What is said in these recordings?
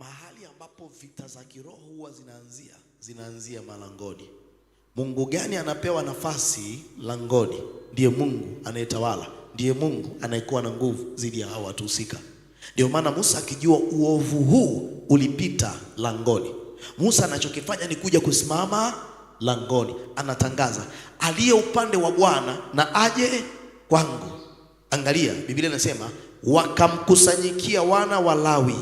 mahali ambapo vita za kiroho huwa zinaanzia, zinaanzia malangoni. Mungu gani anapewa nafasi langoni? Ndiye Mungu anayetawala, ndiye Mungu anayekuwa na nguvu zidi ya hao watu husika. Ndio maana Musa akijua uovu huu ulipita langoni, Musa anachokifanya ni kuja kusimama langoni, anatangaza aliye upande wa Bwana na aje kwangu. Angalia, Biblia inasema wakamkusanyikia wana wa Lawi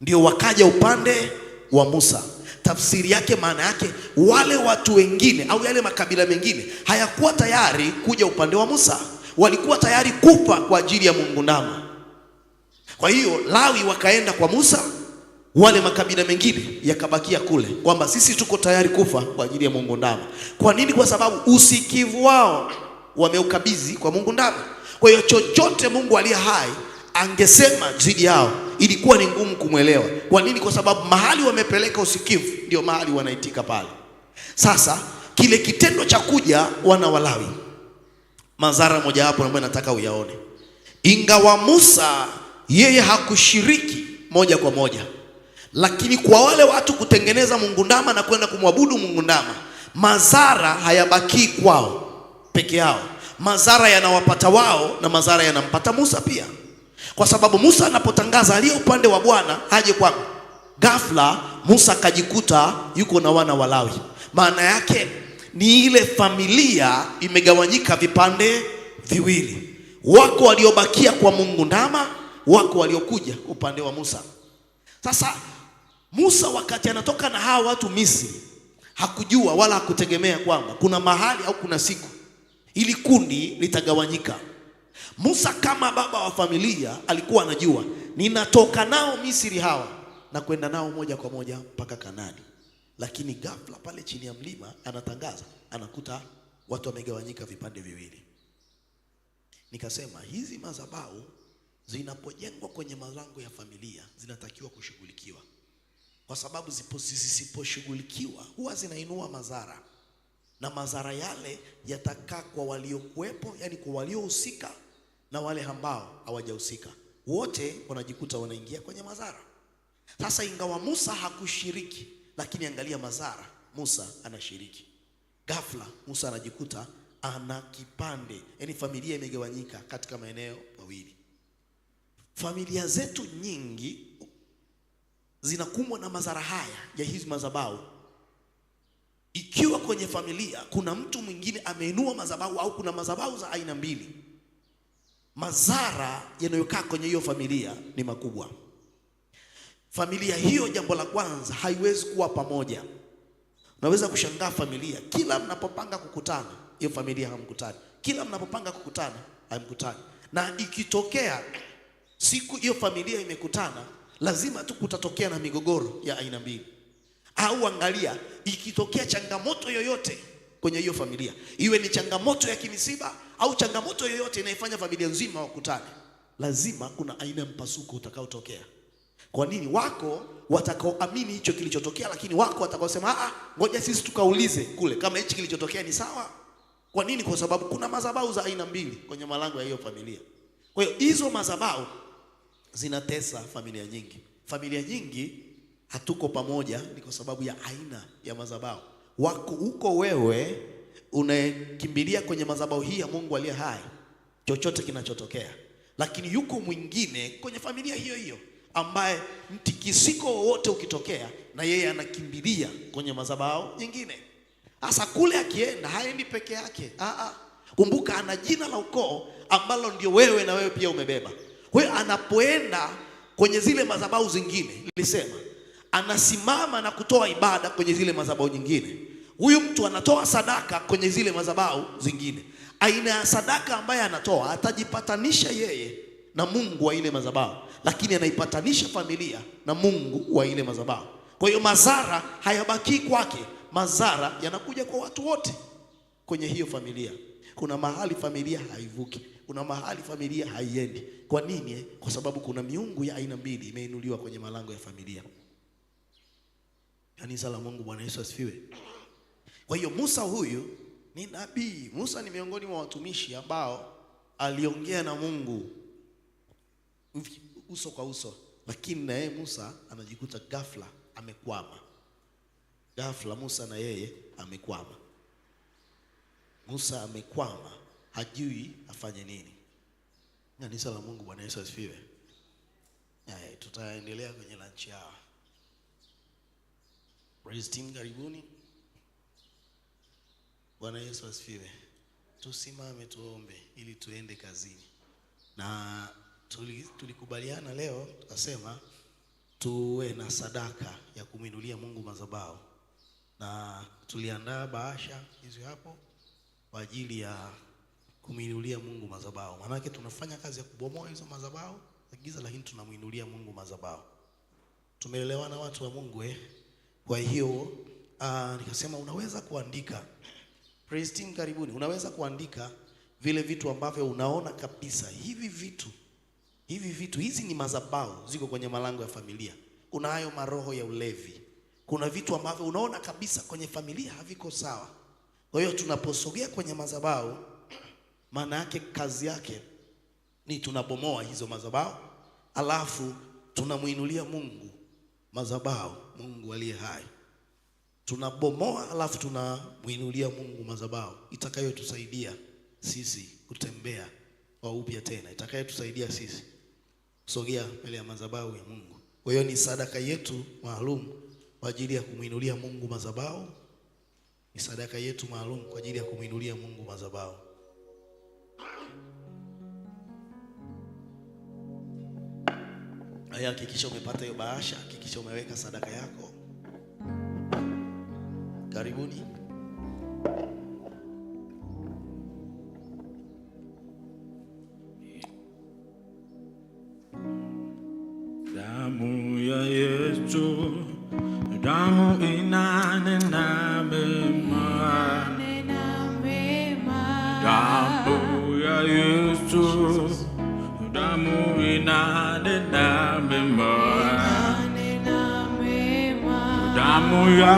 ndio wakaja upande wa Musa. Tafsiri yake maana yake wale watu wengine au yale makabila mengine hayakuwa tayari kuja upande wa Musa, walikuwa tayari kufa kwa ajili ya Mungu ndama. Kwa hiyo Lawi wakaenda kwa Musa, wale makabila mengine yakabakia kule, kwamba sisi tuko tayari kufa kwa ajili ya Mungu ndama. Kwa nini? Kwa sababu usikivu wao wameukabidhi kwa Mungu ndama. Kwa hiyo chochote Mungu aliye hai angesema dhidi yao ilikuwa ni ngumu kumwelewa. Kwa nini? Kwa sababu mahali wamepeleka usikivu, ndio mahali wanaitika pale. Sasa kile kitendo cha kuja wana Walawi, madhara mojawapo ambayo nataka uyaone, ingawa Musa yeye hakushiriki moja kwa moja, lakini kwa wale watu kutengeneza mungu ndama na kwenda kumwabudu mungu ndama, madhara hayabakii kwao peke yao, madhara yanawapata wao na madhara yanampata Musa pia. Kwa sababu Musa anapotangaza aliye upande wa Bwana aje kwangu, ghafla Musa akajikuta yuko na wana wa Lawi. Maana yake ni ile familia imegawanyika vipande viwili, wako waliobakia kwa Mungu ndama, wako waliokuja upande wa Musa. Sasa Musa wakati anatoka na hawa watu Misri hakujua wala hakutegemea kwamba kuna mahali au kuna siku ili kundi litagawanyika. Musa kama baba wa familia alikuwa anajua ninatoka nao Misri hawa na kwenda nao moja kwa moja mpaka kanani lakini ghafla pale chini ya mlima anatangaza, anakuta watu wamegawanyika vipande viwili. Nikasema hizi madhabahu zinapojengwa kwenye malango ya familia zinatakiwa kushughulikiwa, kwa sababu zisiposhughulikiwa huwa zinainua madhara, na madhara yale yatakaa kwa waliokuwepo, yani kwa waliohusika na wale ambao hawajahusika, wote wanajikuta wanaingia kwenye madhara. Sasa ingawa Musa hakushiriki, lakini angalia madhara Musa anashiriki. Ghafla Musa anajikuta ana kipande, yaani familia imegawanyika katika maeneo mawili. Familia zetu nyingi zinakumbwa na madhara haya ya hizi madhabahu. Ikiwa kwenye familia kuna mtu mwingine ameinua madhabahu au kuna madhabahu za aina mbili madhara yanayokaa kwenye hiyo familia ni makubwa. Familia hiyo, jambo la kwanza, haiwezi kuwa pamoja. Unaweza kushangaa familia, kila mnapopanga kukutana, hiyo familia hamkutani, kila mnapopanga kukutana, hamkutani. Na ikitokea siku hiyo familia imekutana, lazima tu kutatokea na migogoro ya aina mbili, au angalia, ikitokea changamoto yoyote kwenye hiyo familia, iwe ni changamoto ya kimisiba au changamoto yoyote inayofanya familia nzima wakutane, lazima kuna aina ya mpasuko utakaotokea. Kwa nini? Wako watakaoamini hicho kilichotokea, lakini wako watakaosema ah, ngoja sisi tukaulize kule kama hichi kilichotokea ni sawa. Kwa nini? Kwa sababu kuna madhabahu za aina mbili kwenye malango ya hiyo familia. Kwa hiyo hizo madhabahu zinatesa familia nyingi. Familia nyingi hatuko pamoja ni kwa sababu ya aina ya madhabahu wako huko wewe unakimbilia kwenye madhabahu hii ya Mungu aliye hai, chochote kinachotokea, lakini yuko mwingine kwenye familia hiyo hiyo ambaye mtikisiko wowote ukitokea, na yeye anakimbilia kwenye madhabahu nyingine. Hasa kule akienda haendi peke yake, aa, kumbuka ana jina la ukoo ambalo ndio wewe na wewe pia umebeba. Kwa hiyo anapoenda kwenye zile madhabahu zingine, nilisema anasimama na kutoa ibada kwenye zile madhabahu nyingine Huyu mtu anatoa sadaka kwenye zile madhabahu zingine. Aina ya sadaka ambaye anatoa atajipatanisha yeye na Mungu wa ile madhabahu, lakini anaipatanisha familia na Mungu wa ile madhabahu. Kwa hiyo madhara hayabaki kwake, madhara yanakuja kwa watu wote kwenye hiyo familia. Kuna mahali familia haivuki, kuna mahali familia haiendi. Kwa nini? Kwa sababu kuna miungu ya aina mbili imeinuliwa kwenye malango ya familia. Kanisa la Mungu, Bwana Yesu asifiwe. Kwa hiyo Musa huyu ni nabii. Musa ni miongoni mwa watumishi ambao aliongea na Mungu uso kwa uso, lakini na yeye Musa anajikuta ghafla amekwama. Ghafla Musa na yeye amekwama. Musa amekwama, hajui afanye nini. Kanisa la Mungu, Bwana Yesu asifiwe. Tutaendelea kwenye lunch hour. Praise team, karibuni. Bwana Yesu asifiwe. Tusimame tuombe ili tuende kazini, na tulikubaliana leo tukasema tuwe na sadaka ya kumwinulia Mungu madhabahu, na tuliandaa bahasha hizo hapo kwa ajili ya kumwinulia Mungu madhabahu. Maanake tunafanya kazi ya kubomoa hizo madhabahu za giza, lakini tunamwinulia Mungu madhabahu. Tumeelewana watu wa Mungu eh? Kwa hiyo ah, nikasema unaweza kuandika Praise karibuni. Unaweza kuandika vile vitu ambavyo unaona kabisa hivi vitu hivi vitu, hizi ni madhabahu ziko kwenye malango ya familia. Kuna hayo maroho ya ulevi, kuna vitu ambavyo unaona kabisa kwenye familia haviko sawa. Kwa hiyo tunaposogea kwenye madhabahu, maana yake kazi yake ni tunabomoa hizo madhabahu, alafu tunamuinulia Mungu madhabahu, Mungu aliye hai tunabomoa alafu tunamwinulia Mungu madhabahu itakayotusaidia sisi kutembea kwa upya tena, itakayotusaidia sisi kusogea mbele ya madhabahu ya Mungu. Kwa hiyo ni sadaka yetu maalum kwa ajili ya kumwinulia Mungu madhabahu, ni sadaka yetu maalum kwa ajili ya kumwinulia Mungu madhabahu. Haya, hakikisha umepata hiyo bahasha, hakikisha umeweka sadaka yako. Karibuni.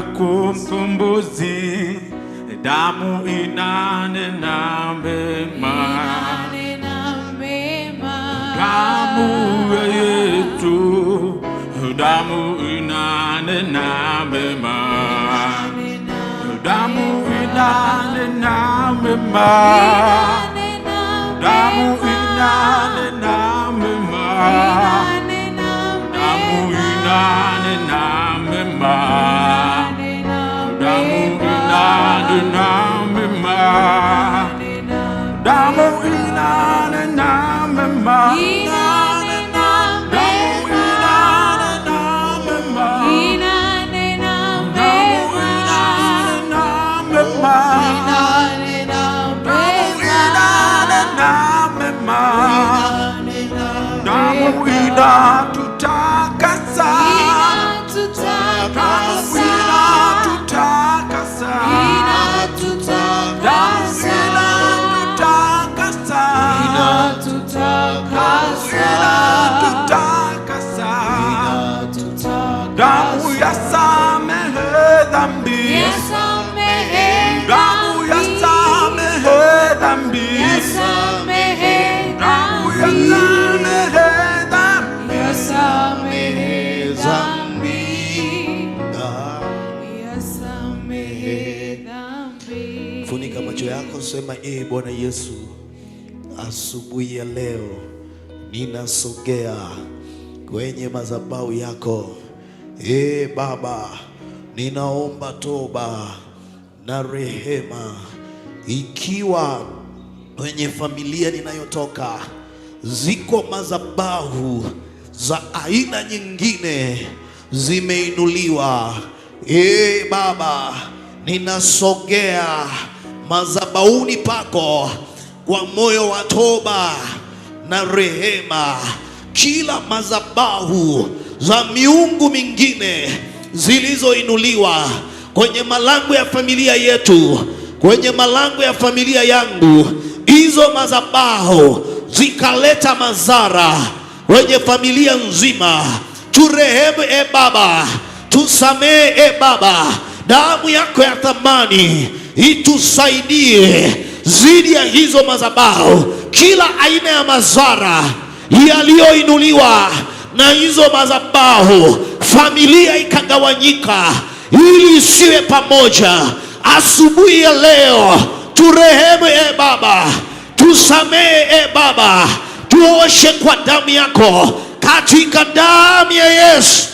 kumkumbuzi damu inanena mema, damu ya Yesu, damu inanena mema, damu inanena mema, damu inanena mema, damu inanena mema Damo ina na na Funika macho yako, sema e Bwana Yesu, asubuhi ya leo ninasogea kwenye madhabahu yako. e Baba, ninaomba toba na rehema, ikiwa kwenye familia ninayotoka ziko madhabahu za aina nyingine zimeinuliwa. E Baba, ninasogea mazabauni pako kwa moyo wa toba na rehema. Kila mazabahu za miungu mingine zilizoinuliwa kwenye malango ya familia yetu, kwenye malango ya familia yangu, hizo mazabahu zikaleta madhara kwenye familia nzima, turehemu e Baba, tusamehe e Baba, damu yako ya thamani itusaidie zidi ya hizo madhabahu, kila aina ya madhara yaliyoinuliwa na hizo madhabahu, familia ikagawanyika, ili isiwe pamoja. Asubuhi ya leo turehemu, e Baba, tusamehe e Baba, tuoshe kwa damu yako, katika damu ya Yesu.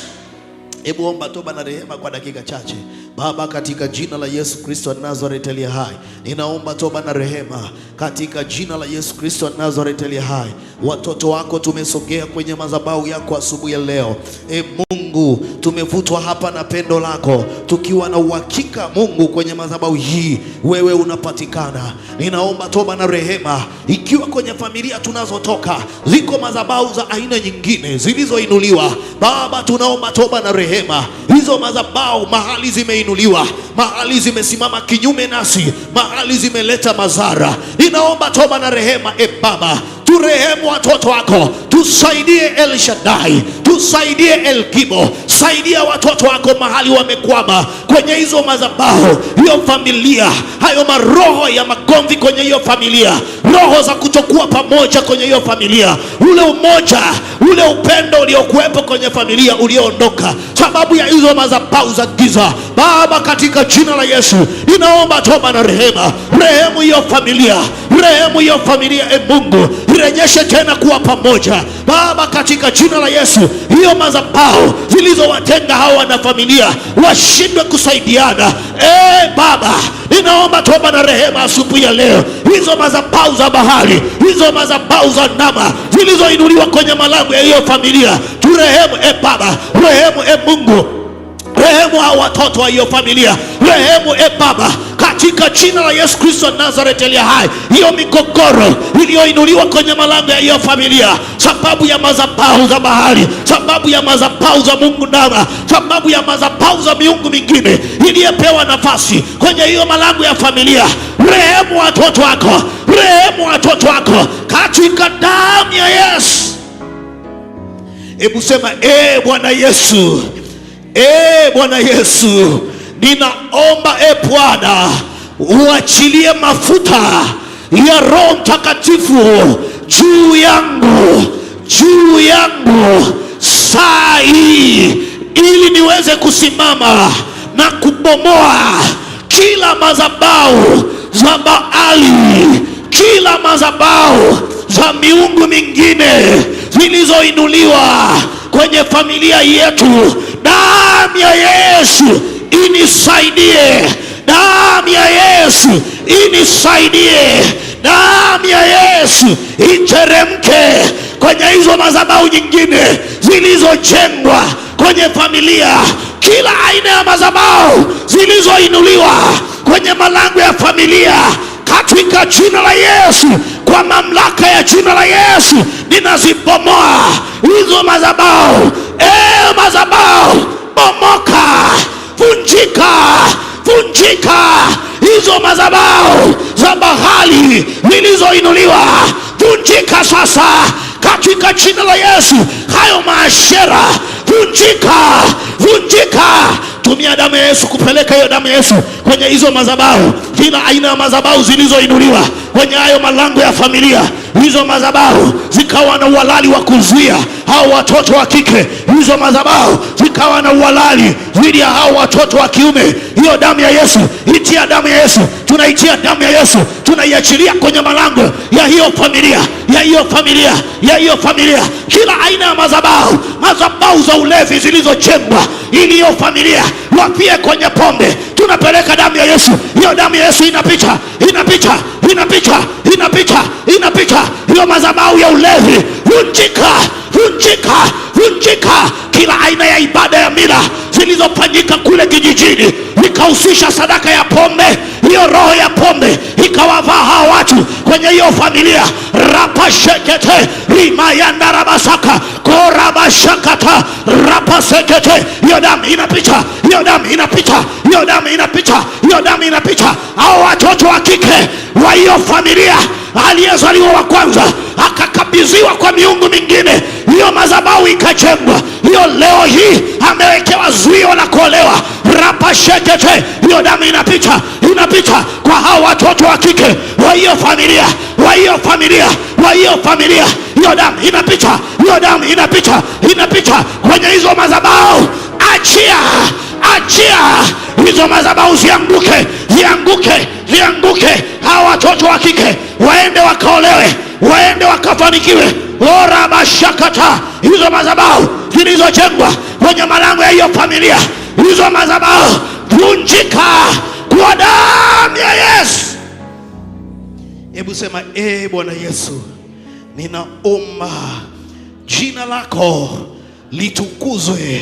Hebu omba toba na rehema kwa dakika chache. Baba, katika jina la Yesu Kristo wa Nazareti aliye hai, ninaomba toba na rehema katika jina la Yesu Kristo wa Nazareti aliye hai. Watoto wako tumesogea kwenye madhabahu yako asubuhi ya leo. E Mungu, tumevutwa hapa na pendo lako, tukiwa na uhakika Mungu, kwenye madhabahu hii wewe unapatikana. Ninaomba toba na rehema, ikiwa kwenye familia tunazotoka liko madhabahu za aina nyingine zilizoinuliwa, Baba, tunaomba toba na rehema, hizo madhabahu mahali zimeinuliwa zimeinuliwa, mahali zimesimama kinyume nasi, mahali zimeleta madhara. Ninaomba toba na rehema, e Baba, turehemu watoto wako, tusaidie El Shaddai, tusaidie El Kibo, saidia watoto wako mahali wamekwama kwenye hizo madhabahu, hiyo familia, hayo maroho ya magomvi kwenye hiyo familia, roho za kutokuwa pamoja kwenye hiyo familia, ule umoja, ule upendo uliokuwepo kwenye familia ulioondoka sababu ya hizo madhabahu za giza. Baba, katika jina la Yesu ninaomba toba na rehema, rehemu hiyo familia, rehemu hiyo familia. E Mungu, rejeshe tena kuwa pamoja Baba, katika jina la Yesu, hiyo madhabahu zilizowatenga hawa na familia washindwe ku kusaidiana. E eh, Baba, ninaomba toba na rehema asubuhi ya leo. Hizo madhabahu za bahari, hizo madhabahu za ndama zilizoinuliwa kwenye malango ya hiyo familia, turehemu e Baba, rehemu e Mungu, rehemu hao watoto wa hiyo familia, rehemu e Baba katika jina la Yesu Kristo wa Nazareti aliye hai, hiyo migogoro iliyoinuliwa kwenye malango ya hiyo familia, sababu ya madhabahu za bahari, sababu ya madhabahu za Mungu ndama, sababu ya madhabahu za miungu mingine iliyepewa nafasi kwenye hiyo malango ya familia, rehemu watoto wako, rehemu watoto wako katika damu ya Yesu. Hebu sema ee Bwana Yesu, e Bwana Yesu ninaomba e Bwana, uachilie mafuta ya Roho Mtakatifu juu yangu juu yangu saa hii, ili niweze kusimama na kubomoa kila madhabahu za Baali, kila madhabahu za miungu mingine zilizoinuliwa kwenye familia yetu. Damu ya Yesu inisaidie damu ya Yesu inisaidie damu ya Yesu iteremke kwenye hizo madhabahu nyingine zilizojengwa kwenye familia, kila aina ya madhabahu zilizoinuliwa kwenye malango ya familia katika jina la Yesu, kwa mamlaka ya jina la Yesu ninazibomoa hizo madhabahu. E madhabahu, bomoka! vunjika, vunjika hizo madhabahu za bahali zilizoinuliwa, vunjika sasa katika jina la Yesu. Hayo maashera vunjika, vunjika. Tumia damu ya Yesu kupeleka hiyo damu ya Yesu kwenye hizo madhabahu, kila aina ya madhabahu zilizoinuliwa kwenye hayo malango ya familia, hizo madhabahu zikawa na uhalali wa kuzuia hao watoto wa kike, hizo madhabahu ikawa na uhalali dhidi ya hao watoto wa kiume. Hiyo damu ya Yesu, itia damu ya Yesu, tunaitia damu ya Yesu, tunaiachilia kwenye malango ya hiyo familia, ya hiyo familia, ya hiyo familia, kila aina ya madhabahu, madhabahu za ulevi zilizojengwa ili hiyo familia wapie kwenye pombe, tunapeleka damu ya Yesu. Hiyo damu ya Yesu inapita, inapita, inapita, inapita, inapita. Hiyo madhabahu ya ulevi vunjika vunjika, vunjika kila aina ya ibada ya mila zilizofanyika kule kijijini, vikahusisha sadaka ya pombe. Hiyo roho ya pombe ikawavaa hawa watu kwenye hiyo familia rapashekete rimayandarabasaka korabashakata rapasekete. Hiyo damu inapita, hiyo damu inapita, hiyo damu inapita, hiyo damu inapita. Hao watoto wa kike wa hiyo familia aliyezaliwa wa kwanza aka akakabidhiwa kwa miungu mingine, hiyo madhabahu ikajengwa. Hiyo leo hii amewekewa zuio la kuolewa, rapashekete. Hiyo damu inapita, inapita kwa hao watoto wa kike wa hiyo familia, wa hiyo familia, wa hiyo familia. Hiyo damu inapita, hiyo damu inapita, inapita kwenye hizo madhabahu. Achia, achia hizo madhabahu zianguke, zianguke, zianguke. Hawa watoto wa kike ufanikiwe. Ora oh, mashakata, hizo madhabahu zilizojengwa kwenye malango ya hiyo familia, hizo madhabahu vunjika kwa damu ya Yesu. Hebu sema e Bwana Yesu, ninaomba jina lako litukuzwe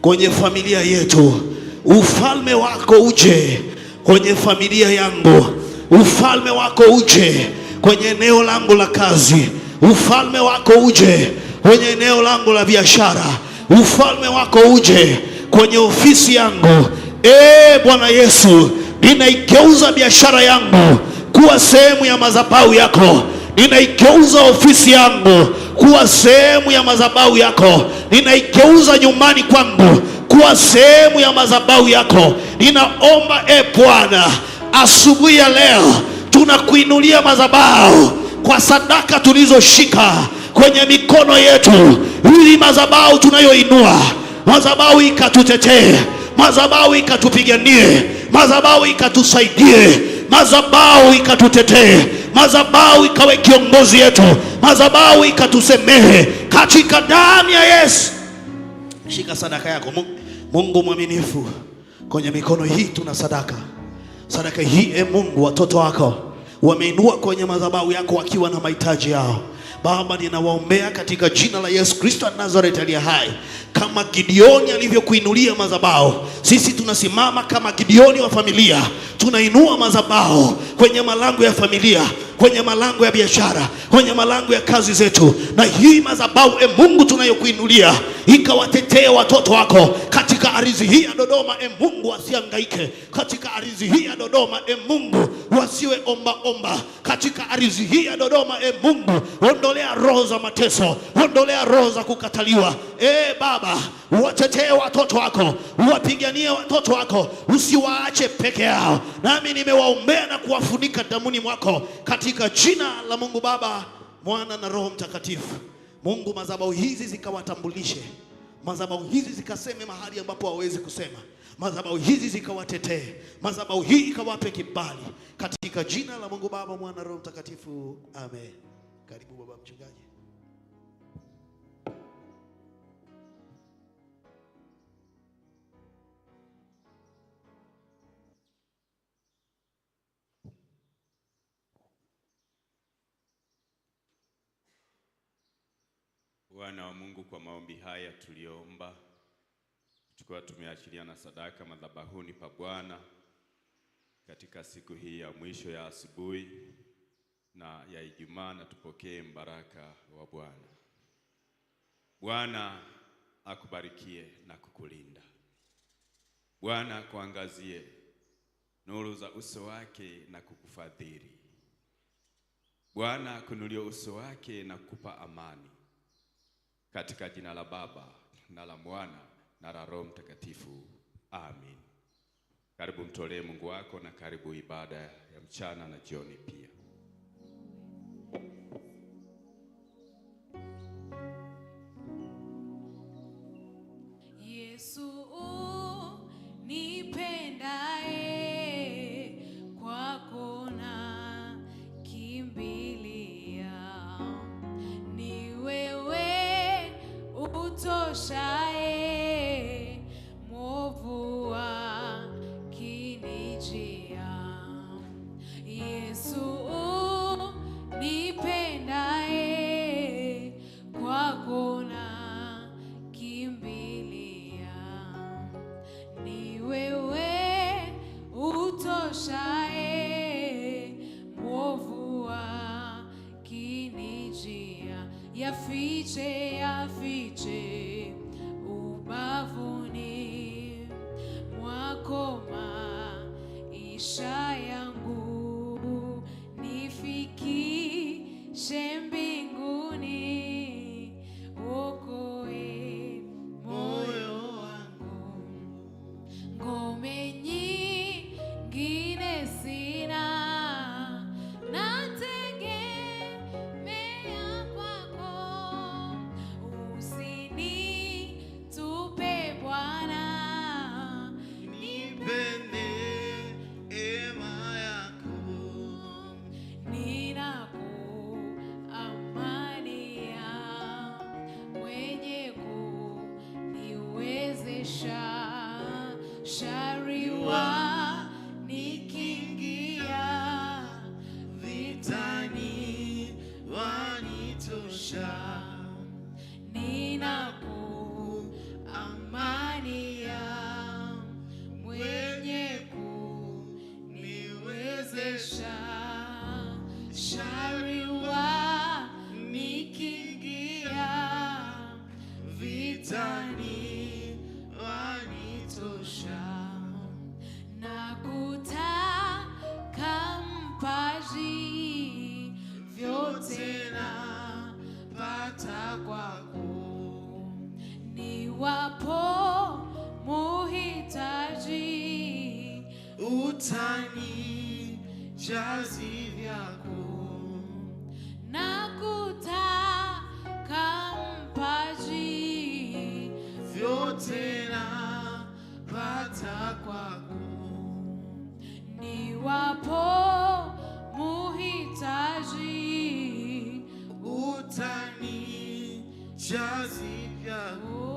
kwenye familia yetu, ufalme wako uje kwenye familia yangu, ufalme wako uje kwenye eneo langu la kazi ufalme wako uje kwenye eneo langu la biashara, ufalme wako uje kwenye ofisi yangu. E Bwana Yesu, ninaigeuza biashara yangu kuwa sehemu ya madhabahu yako. Ninaigeuza ofisi yangu kuwa sehemu ya madhabahu yako. Ninaigeuza nyumbani kwangu kuwa sehemu ya madhabahu yako. Ninaomba e Bwana, asubuhi ya leo tunakuinulia madhabahu kwa sadaka tulizoshika kwenye mikono yetu, ili madhabahu tunayoinua, madhabahu ikatutetee, madhabahu ikatupiganie, madhabahu ikatusaidie, madhabahu ikatutetee, madhabahu ikawe kiongozi yetu, madhabahu ikatusemehe katika damu ya Yesu. Shika sadaka yako. Mungu mwaminifu, kwenye mikono hii tuna sadaka, sadaka hii e Mungu, watoto wako wameinua kwenye madhabahu yako wakiwa na mahitaji yao. Baba, ninawaombea katika jina la Yesu Kristo wa Nazareti aliye hai. Kama Gideoni alivyokuinulia madhabahu, sisi tunasimama kama Gideoni wa familia, tunainua madhabahu kwenye malango ya familia kwenye malango ya biashara, kwenye malango ya kazi zetu, na hii madhabahu e Mungu tunayokuinulia ikawatetee watoto wako katika ardhi hii ya Dodoma. E Mungu wasiangaike katika ardhi hii ya Dodoma. E Mungu wasiwe omba omba katika ardhi hii ya Dodoma. E Mungu ondolea roho za mateso, ondolea roho za kukataliwa E Baba, watetee watoto wako, wapiganie watoto wako, usiwaache peke yao, nami nimewaombea na kuwafunika damuni mwako, katika jina la Mungu Baba, Mwana na Roho Mtakatifu. Mungu, madhabahu hizi zikawatambulishe, madhabahu hizi zikaseme mahali ambapo hawezi kusema, madhabahu hizi zikawatetee, madhabahu hii ikawape kibali, katika jina la Mungu Baba, Mwana na Roho Mtakatifu, amen. Karibu baba mchungaji. Bwana wa Mungu, kwa maombi haya tuliyoomba, tukiwa tumeachilia na sadaka madhabahuni pa Bwana katika siku hii ya mwisho ya asubuhi na ya Ijumaa, na tupokee mbaraka wa Bwana. Bwana akubarikie na kukulinda. Bwana akuangazie nuru za uso wake na kukufadhili. Bwana akuinulie uso wake na kukupa amani katika jina la Baba na la Mwana na la Roho Mtakatifu, amin. Karibu mtolee Mungu wako na karibu ibada ya mchana na jioni pia. amushaye mwovu akinijia, yafiche yafiche jaz